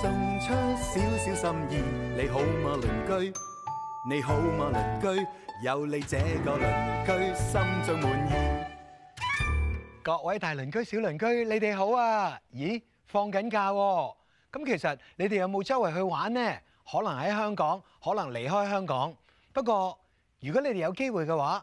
送出少少心意，你好嗎鄰居？你好嗎鄰居？有你這個鄰居，心中滿意。各位大鄰居、小鄰居，你哋好啊！咦，放緊假喎、啊？咁其實你哋有冇周圍去玩呢？可能喺香港，可能離開香港。不過，如果你哋有機會嘅話，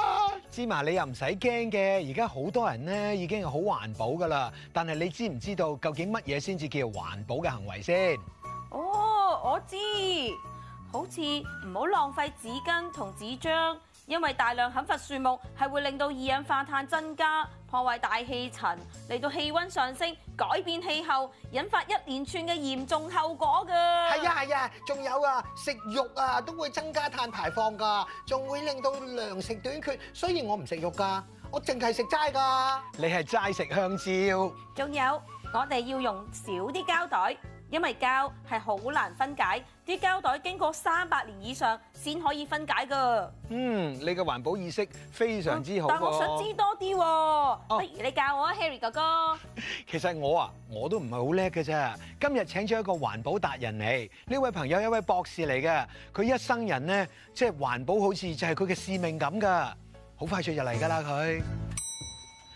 芝麻，你又唔使驚嘅。而家好多人咧已經係好環保㗎喇，但係你知唔知道究竟乜嘢先至叫環保嘅行為先？哦，我知，好似唔好浪費紙巾同紙張。因為大量砍伐樹木係會令到二氧化碳增加，破壞大氣層，嚟到氣溫上升，改變氣候，引發一連串嘅嚴重後果嘅。係啊，係啊，仲有啊，食肉啊都會增加碳排放噶，仲會令到糧食短缺。雖然我唔食肉噶，我淨係食齋噶。你係齋食香蕉。仲有，我哋要用少啲膠袋，因為膠係好難分解。啲膠袋經過三百年以上先可以分解噶。嗯，你嘅環保意識非常之好、啊。但我想知多啲，不如、哦、你教我、啊、Harry 哥哥。其實我啊，我都唔係好叻嘅啫。今日請咗一個環保達人嚟，呢位朋友一位博士嚟嘅，佢一生人咧，即係環保好似就係佢嘅使命咁噶，好快脆就嚟噶啦佢。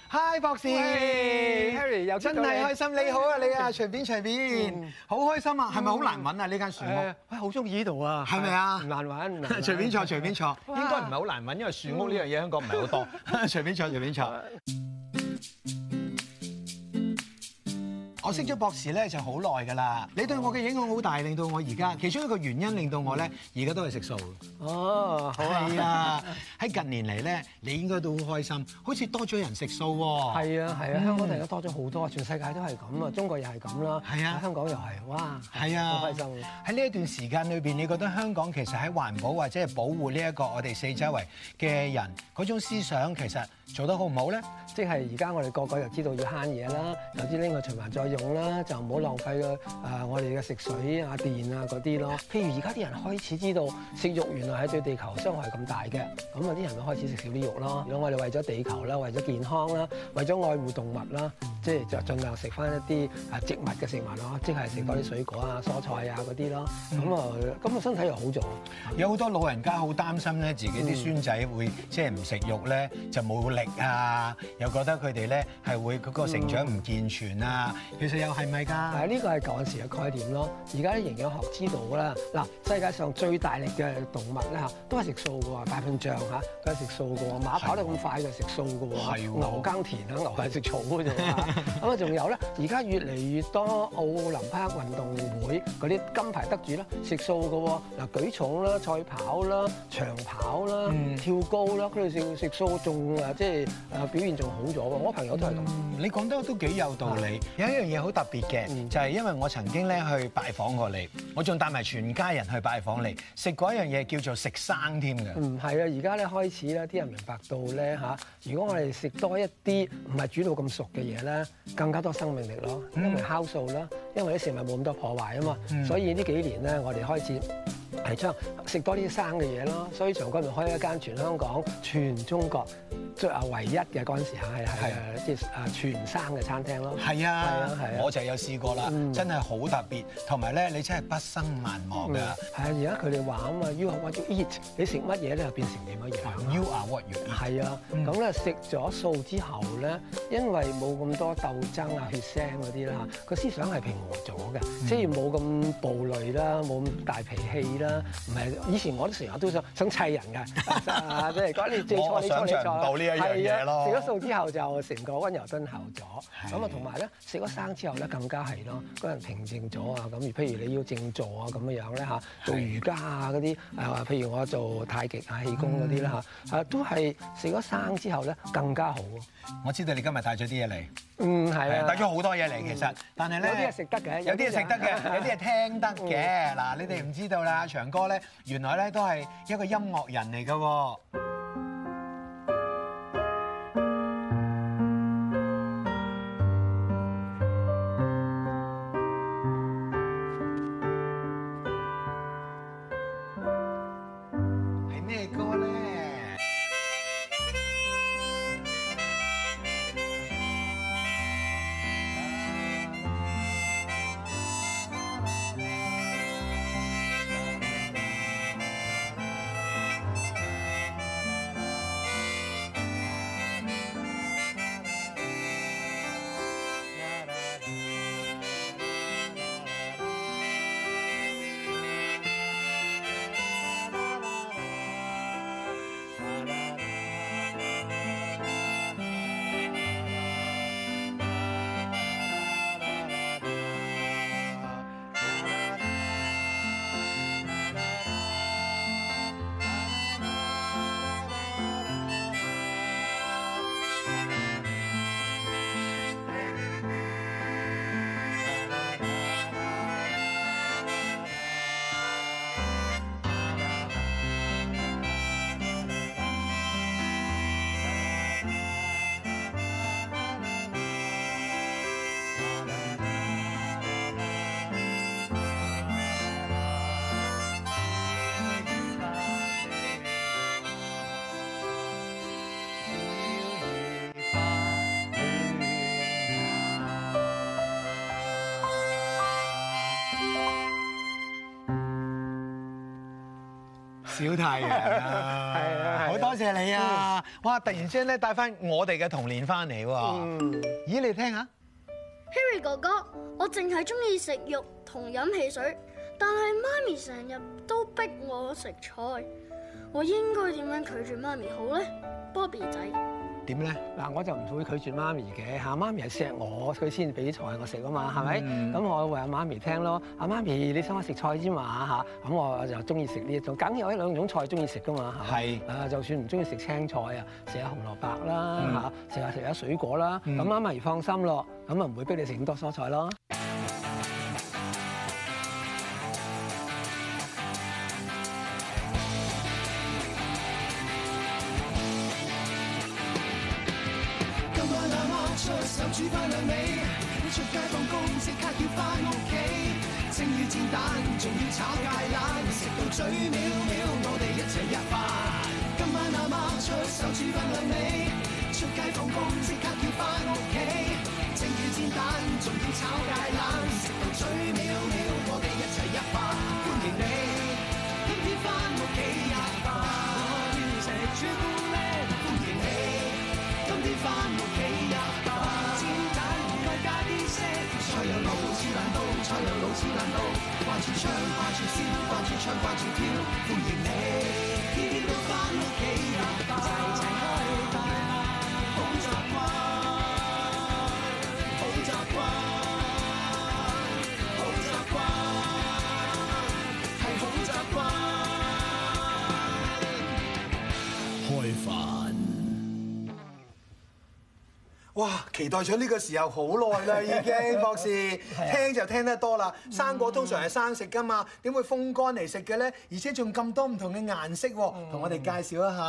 Hi 博士，Harry 又真係開心，你好啊你啊，隨便隨便，好開心啊，係咪好難揾啊？呢間樹屋，喂，好中意呢度啊，係咪啊？難揾，隨便坐隨便坐，應該唔係好難揾，因為樹屋呢樣嘢香港唔係好多，隨便坐隨便坐。我識咗博士咧就好耐㗎啦，你對我嘅影響好大，令到我而家其中一個原因令到我咧而家都係食素。哦，好啊！喺、啊、 近年嚟咧，你應該都好開心，好似多咗人食素喎、哦。係啊，係啊，香港大家多咗好多，啊，全世界都係咁、嗯、啊，中國又係咁啦，香港又係，哇，啊，好開心。喺呢一段時間裏邊，你覺得香港其實喺環保或者係保護呢一個我哋四周圍嘅人嗰種思想，其實做得好唔好咧？即係而家我哋個個又知道要慳嘢啦，有啲拎去循環再用啦，就唔好浪費個誒、呃、我哋嘅食水啊、電啊嗰啲咯。譬如而家啲人開始知道食肉完啦。係對地球傷害咁大嘅，咁啊啲人咪開始食少啲肉咯。如果我哋為咗地球啦，為咗健康啦，為咗愛護動物啦、嗯，即係就盡量食翻一啲啊植物嘅食物咯，即係食多啲水果啊、嗯、蔬菜啊嗰啲咯。咁啊，咁個、嗯、身體又好咗。有好多老人家好擔心咧，自己啲孫仔會即係唔食肉咧、嗯、就冇力啊，又覺得佢哋咧係會嗰個成長唔健全啊。嗯、其實又係咪係㗎？呢個係舊陣時嘅概念咯。而家啲營養學知道啦。嗱，世界上最大力嘅動物物咧嚇，都係食素㗎喎，大笨象嚇，佢係食素㗎喎，馬跑得咁快就食素㗎喎，牛耕田啦，牛係食草嘅啫嘛，咁啊仲有咧，而家越嚟越多奧林匹克運動會嗰啲金牌得主啦食素㗎喎，嗱，舉重啦、賽跑啦、長跑啦、跳高啦，佢哋食食素仲啊，即係啊表現仲好咗喎，我朋友都係咁。你講得都幾有道理，有一樣嘢好特別嘅，就係因為我曾經咧去拜訪過你，我仲帶埋全家人去拜訪你，食過一樣嘢叫。就食生添嘅，唔係啊！而家咧開始咧，啲人明白到咧嚇，如果我哋食多一啲唔係煮到咁熟嘅嘢咧，更加多生命力咯，因為酵素啦，嗯、因為啲食物冇咁多破壞啊嘛，嗯、所以呢幾年咧，我哋開始。係將食多啲生嘅嘢咯，所以長江咪開一間全香港、全中國最後唯一嘅嗰陣時係係係係即係啊全生嘅餐廳咯。係啊，係係啊啊我就係有試過啦，嗯、真係好特別，同埋咧你真係畢生難忘㗎。係、嗯、啊，而家佢哋話啊嘛，You are what you eat。你食乜嘢咧，就變成點乜嘢。You are what you eat。係啊，咁咧食咗素之後咧，因為冇咁多鬥爭啊、血腥啲啦吓個思想係平和咗嘅，即係冇咁暴戾啦，冇咁大脾氣啦。唔係以前我都成日都想想砌人噶、啊，即係講你最初，你錯你錯，嘢咯！食咗素之後就成個溫柔敦厚咗，咁啊同埋咧食咗生之後咧更加係咯，個人平靜咗啊！咁如譬如你要靜坐啊，咁樣樣咧嚇做瑜伽啊嗰啲啊，譬如我做太極啊氣功嗰啲啦嚇，都係食咗生之後咧更加好。 我知道你今日帶咗啲嘢嚟。嗯，係啊，帶咗好多嘢嚟其實，嗯、但係咧，有啲係食得嘅，有啲係食得嘅，有啲係聽得嘅。嗱， 你哋唔知道啦，長哥咧，原來咧都係一個音樂人嚟㗎喎。小太陽啊！好多、 啊啊啊、謝，謝你啊！ 哇！突然之間咧，帶翻我哋嘅童年翻嚟喎！ 咦，你聽下，Harry 哥哥，我淨係中意食肉同飲汽水，但係媽咪成日都逼我食菜，我應該點樣拒絕媽咪好咧？Bobby 仔。點咧？嗱，我就唔會拒絕媽咪嘅嚇，媽咪係錫我，佢先俾啲菜我食啊嘛，係咪、mm.？咁我話阿媽咪聽咯，阿媽咪你想我食菜先嘛嚇，咁我就中意食呢一種，梗有一兩種菜中意食噶嘛嚇。是啊，就算唔中意食青菜啊，食下紅蘿蔔啦嚇，食下食下水果啦，咁、mm. 媽咪放心咯，咁啊唔會逼你食咁多蔬菜咯。妙妙我哋一齊吔飯。今晚阿媽，媽出手煮飯靚味，出街放工即刻要返屋企。蒸魚煎蛋，仲要炒芥蘭。食到嘴妙妙，我哋一齊吔飯。歡迎你，今天返屋企吔飯。我要食朱古力，歡迎你，今天返屋企吔飯。入入煎蛋再加啲色，菜又老似爛刀，菜又老似爛刀。掛住唱，掛住笑，掛住唱，掛住跳，歡迎你，天天都返屋企期待咗呢個時候好耐啦，已經博士， 聽就聽得多啦。生是、啊、果通常係生食㗎嘛，點、嗯、會風乾嚟食嘅咧？而且仲咁多唔同嘅顏色喎，同、嗯、我哋介紹一下。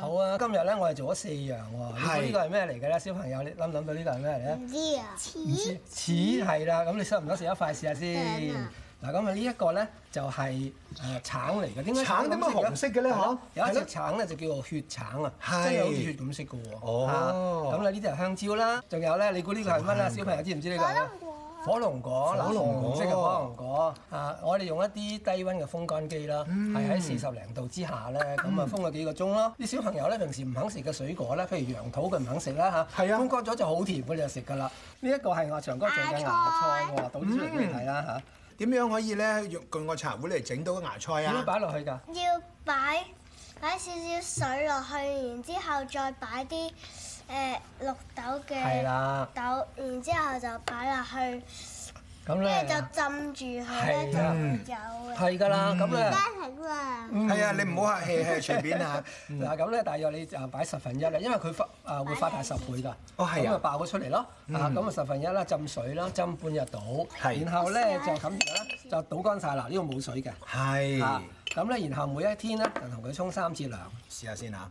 好啊，今日咧我哋做咗四樣喎、哦。是個呢個係咩嚟嘅咧？小朋友，你諗唔諗到呢度係咩嚟咧？唔知啊。似似係啦，咁你收唔收食一塊試、試、試一下先？啊。嗱咁啊，呢一個咧就係誒橙嚟嘅。橙點解紅色嘅咧？嚇，有一隻橙咧就叫做血橙啊，真係好似血咁色嘅喎。哦，咁啊，呢啲係香蕉啦，仲有咧，你估呢個係乜啦？小朋友知唔知呢個？火龍果。火龍果。火紅色嘅火龍果。啊，我哋用一啲低溫嘅風乾機啦，係喺四十零度之下咧，咁啊封咗幾個鐘咯。啲小朋友咧平時唔肯食嘅水果咧，譬如楊桃佢唔肯食啦嚇。係啊，風乾咗就好甜，佢就食噶啦。呢一個係我長哥做嘅芽菜，我倒出嚟俾你睇啦嚇。點樣可以咧用個茶壺嚟整到個芽菜啊？點樣擺落去噶？要擺擺少少水落去，然之後再擺啲誒綠豆嘅綠豆，了然之後就擺落去。咁咧就浸住佢啦，就係㗎啦。咁咧，而家停啦。係啊，你唔好客氣，係隨便啊。嗱，咁咧大約你就擺十分一咧，因為佢發啊會發大十倍㗎。哦，係因為爆咗出嚟咯。啊，咁啊十分一啦，浸水啦，浸半日倒。然後咧就咁樣咧，就倒乾晒啦。呢度冇水嘅。係。嚇。咁咧，然後每一天咧就同佢沖三次涼。試下先嚇。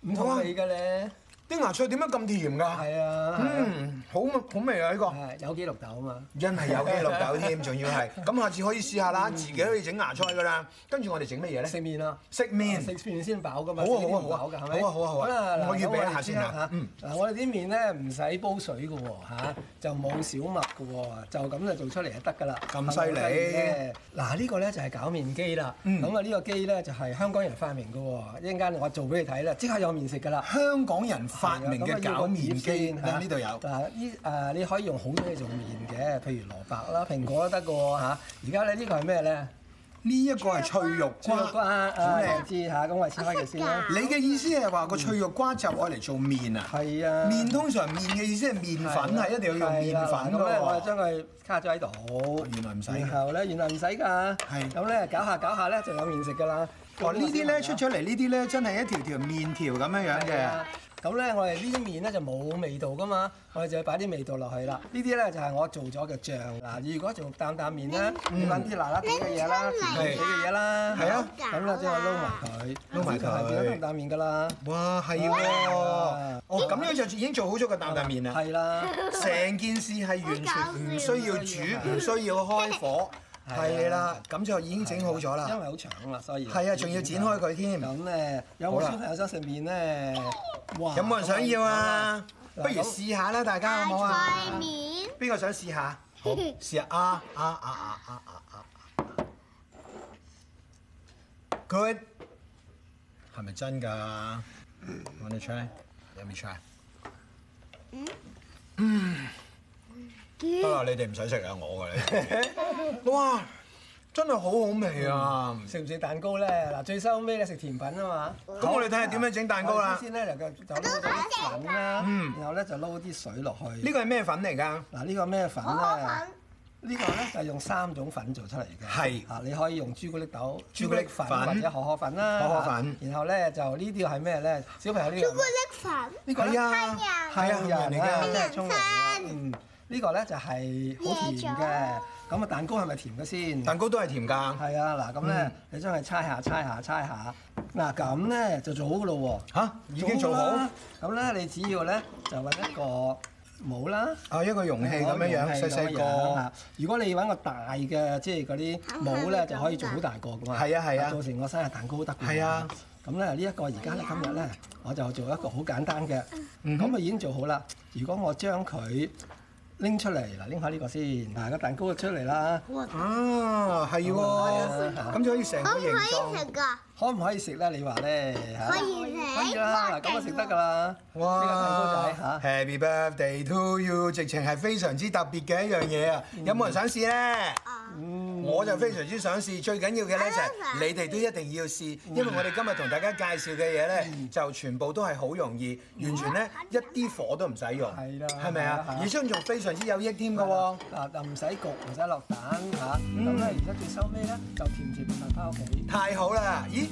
唔通你嘅咧？啲芽菜點解咁甜㗎？係啊，嗯，好味好味啊！呢個係有機綠豆啊嘛，真係有機綠豆添，仲要係。咁下次可以試下啦，自己可以整芽菜㗎啦。跟住我哋整乜嘢咧？食麵啊！食麵食麵先飽㗎嘛，好啊，好啊，好㗎，係咪？好啊好啊好啊！好嗱，我預備一下先啦。嗱，我哋啲麵咧唔使煲水㗎喎，就冇小麥㗎喎，就咁就做出嚟就得㗎啦。咁犀利！嗱，呢個咧就係攪麵機啦。咁啊，呢個機咧就係香港人發明㗎喎。一陣間我做俾你睇啦，即刻有麵食㗎啦。香港人。發明嘅攪麵機，呢度有。啊，依誒，你可以用好多嘢做麵嘅，譬如蘿蔔啦、蘋果都得㗎吓。而家咧呢個係咩咧？呢一個係脆肉瓜，瓜，知嚇，咁我切開嘅先。你嘅意思係話個脆肉瓜就愛嚟做麵啊？係啊，麵通常麵嘅意思係麵粉，係一定要用麵粉㗎喎。咁咧我將佢卡咗喺度。原來唔使。然後咧原來唔使㗎。係。咁咧搞下搞下咧就有麵食㗎啦。哦，呢啲咧出咗嚟呢啲咧真係一條條麵條咁樣樣嘅。咁咧，我哋呢啲麵咧就冇味道噶嘛，我哋就要擺啲味道落去啦。呢啲咧就係我做咗嘅醬嗱。如果做擔擔麵咧，要揾啲辣辣嘅嘢啦，係你嘅嘢啦，係啊，咁啦之後撈埋佢，撈埋佢，變咗擔擔麵噶啦。哇，係喎，哦咁樣就已經做好咗個擔擔麵啦。係啦，成件事係完全唔需要煮，唔需要開火。係啦，咁、嗯、就已經整好咗啦。因為好長啊，所以係啊，仲要剪開佢添。咁咧了，有冇小朋友想食麵咧？有冇人想要啊？好不如試下啦，大家好唔好呀？大麵。邊個想試下？好， 試下啊啊啊啊啊啊啊！Good 是是。係咪真㗎？Want to try? Let me try. 嗯。嗯。不過，你哋唔使食啊，我噶你。哇，真係好好味啊！食唔食蛋糕咧？嗱，最收尾咧食甜品啊嘛。咁我哋睇下點樣整蛋糕啦。先咧嚟個就攞啲粉啦，然後咧就撈啲水落去。呢個係咩粉嚟噶？嗱，呢個咩粉咧？可可粉呢個咧就用三種粉做出嚟嘅。係。啊，你可以用朱古力豆、朱古力粉或者可可粉啦。可可粉。然後咧就呢啲係咩咧？小朋友呢朱古力粉。呢個呀，係人嚟噶，即係聰明。嗯。呢個咧就係好甜嘅。咁啊，蛋糕係咪甜嘅先？蛋糕都係甜㗎。係啊，嗱咁咧，你將佢猜下、猜下、猜下。嗱，咁咧就做好㗎咯喎。嚇，已經做好啦。咁咧，你只要咧就揾一個帽啦。啊，一個容器咁樣樣細細個。如果你揾個大嘅，即係嗰啲帽咧，就可以做好大個㗎嘛。係啊係啊，做成個生日蛋糕得㗎。係啊，咁咧呢一個而家咧今日咧，我就做一個好簡單嘅。咁啊已經做好啦。如果我將佢，拎出嚟，嗱、這個，拎下呢個先，嗱，個蛋糕就出嚟啦。哇啊，係喎，咁、嗯、就可以成個形狀。可唔可以食咧？你話咧，可以食，可以啦，嗱，咁就食得㗎啦。哇！呢個蛋糕仔，Happy birthday to you，直情係非常之特別嘅一樣嘢啊！有冇人想試咧？嗯，我就非常之想試，最緊要嘅咧就係你哋都一定要試，因為我哋今日同大家介紹嘅嘢咧，就全部都係好容易，完全咧一啲火都唔使用，係啦，係咪啊？而且仲非常之有益添㗎喎。嗱，就唔使焗，唔使落蛋嚇。咁咧，而家最收尾咧，就甜甜地翻屋企，太好啦！咦？